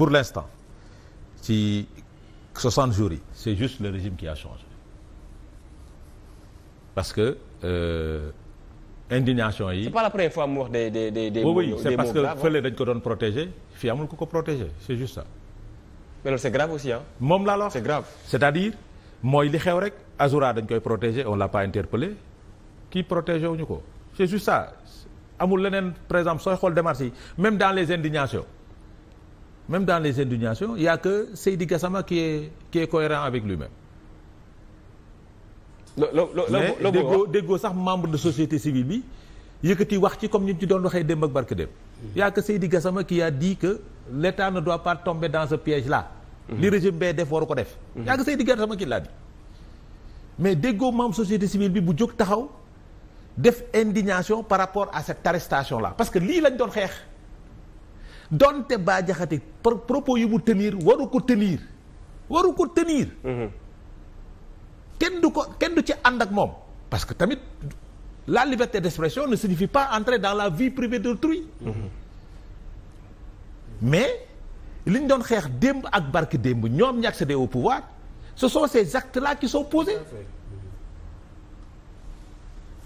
pour l'instant ci 60 jour yi c'est juste le régime qui a changé parce que euh, indignation yi. c'est pas la première fois mu c'est parce que fële dañ ko doon protéger fii amul ko ko protéger c'est juste ça. mais loolu c'est grave aussi moom laa la wax c'est à dire mooy li xew rek Azoura dañ koy protéger on l'a pas interpellé kii protéger ñu ko c'est juste ça amul leneen par exemple sooy xool démarche yi même dans les indignations. même dans les indignations il y a que Seydi Gassama qui est qui est cohérent avec lui-même. mais déggoo déggoo sax membre de société civile bi yëkkati wax ci comme ñu ci doon waxee dem ak barke démb. Mm-hmm. y a que Seydi Gassama ki a dit que l'État ne doit dans ce piège-là. Mm-hmm. li régime def waru ko def. Mm-hmm. y a que Seydi Gassama mais déggoo membre société civile bi bu jóg taxaw def indignation par rapport à cette arrestation-là parce que lii lañ doon xeex. donte Bah Diakhaté propos yu mu tenir waru ko tenir waru ko tenir. Mhm. kenn du ko kenn du ci ànd ak moom parce que tamit la liberté d'expression ne signifie pas entrer dans la vie privée d'autrui mm -hmm. mais liñ doon xeex démb ak barke démb ñoom ñi accéder au pouvoir ce sont ces actes-là qui sont posés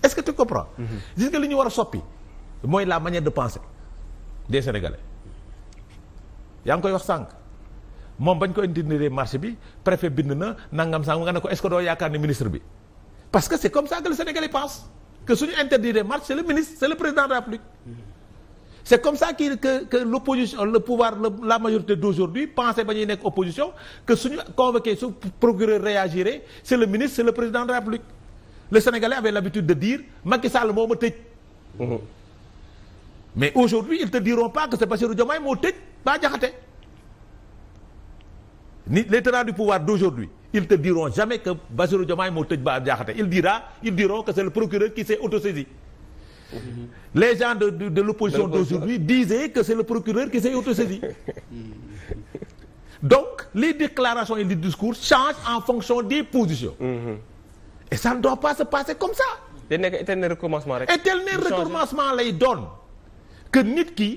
est-ce que tu comprends mhm. gis li ñu war a soppi mooy la manière de penser des Sénégalais yaa ngi koy wax sànq moom bañ koy indil marché bi préfet bind na nangam sànq nga ne ko est-ce que doo yaakaar ne ministre bi parce que c'est comme ça que le Sénégalais pense que suñu interdire marche c'est le ministre c'est le président de République c'est comme ça ki que que l'opposition le pouvoir le, la majorité d'aujourd'hui pensait ba ñuy nekk opposition que suñu convoqué su procureur réagirait c'est le ministre c'est le président de la République le Sénégalais avait l'habitude de dire Macky Sall moo ma mais aujourd'hui ils te diront pas que c'est Bassirou Diomaye moo tëj Bah Diakhaté ni les tenants du pouvoir d'aujourd'hui ils te diront jamais que Bassirou Diomaye moo tëj Bah Diakhaté il dira ils diront que c'est le procureur qui s'est autosaisi mm-hmm. les gens de de, de l'opposition d'aujourd'hui disaient que c'est le procureur qui s'est autosaisi mm-hmm. donc les déclarations et les discours changent en fonction des positions mm-hmm. et ça ne doit pas se passer comme ça te nekk éternel recommencement rek lay doon que nit ki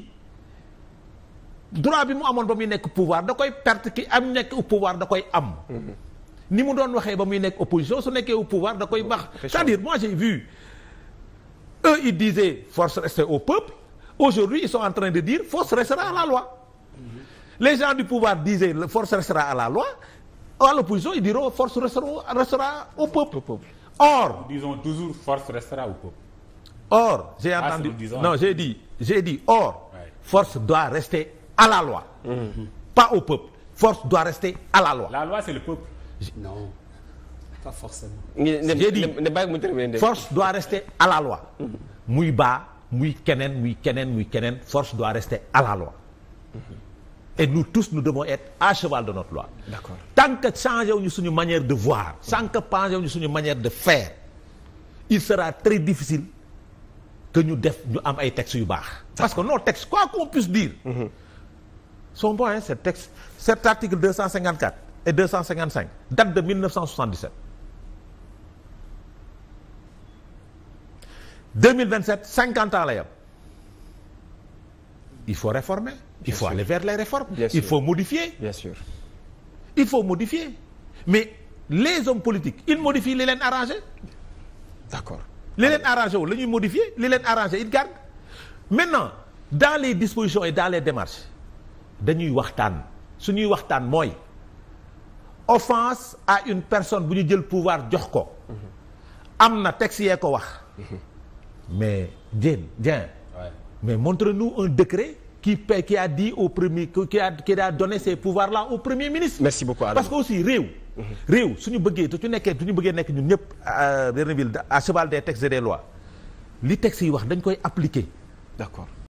droit bi mu amoon ba muy nekk pouvoir da koy perte ki am nekk au pouvoir da koy am. Mhm. ni mu doon waxee ba muy nekk opposition su nekkee au pouvoir da koy bax c'est-à-dire moi j'ai vu eux ils disaient force rester au peuple aujourd'hui ils sont en train de dire force restera à la loi mhm. les gens du pouvoir disaient force restera à la loi à l'opposition ils diront force restera, restera au peuple. or disons toujours force restera au peuple or j'ai ah, entendu ah, di j'ai or force doit rester à la loi mm -hmm. pas au peuple force doit rester à la loi la loi c'est le peuple non pas force doit rester à la loi mm-hmm. muy baa muy keneen muy keneen muy keneen force doit rester à la loi mm-hmm. et nous tous nous devons être à cheval de notre loi d'accord tant que changé wuñu suñu manière de voir mm-hmm. tant que changé wuñu suñu manière de faire il sera très difficile que ñu def ñu am ay textes yu baax. parce que nos textes quoi qu'on puisse dire. Mm-hmm. sont bons hein ces textes cet article 254 et 255 date de 1977. 2027 50 ans la yam il faut réformer. il faut aller vers les réformes. il faut modifier. bien sûr il faut modifier mais les hommes politiques ils modifient li leen arrangé d'accord. li leen arrangé wu la ñuy modifier li leen arrangé it garde maintenant dans les dispositions et dans les démarches dañuy waxtaan suñuy waxtaan mooy offense à une personne bu ñu jël pouvoir jox ko am na texte yee ko wax mais Dieng Dieng ouais. mais montre-nous un décret qui paie, qui a dit au premier qui a qui a donné ces pouvoirs là au premier ministre merci parce que aussi réew réew suñu bëggee te su nekkee suñu bëggee nekk ñun ñëpp Verneville à cheval des textes et des lois li textes yi wax dañ koy appliquer d'accord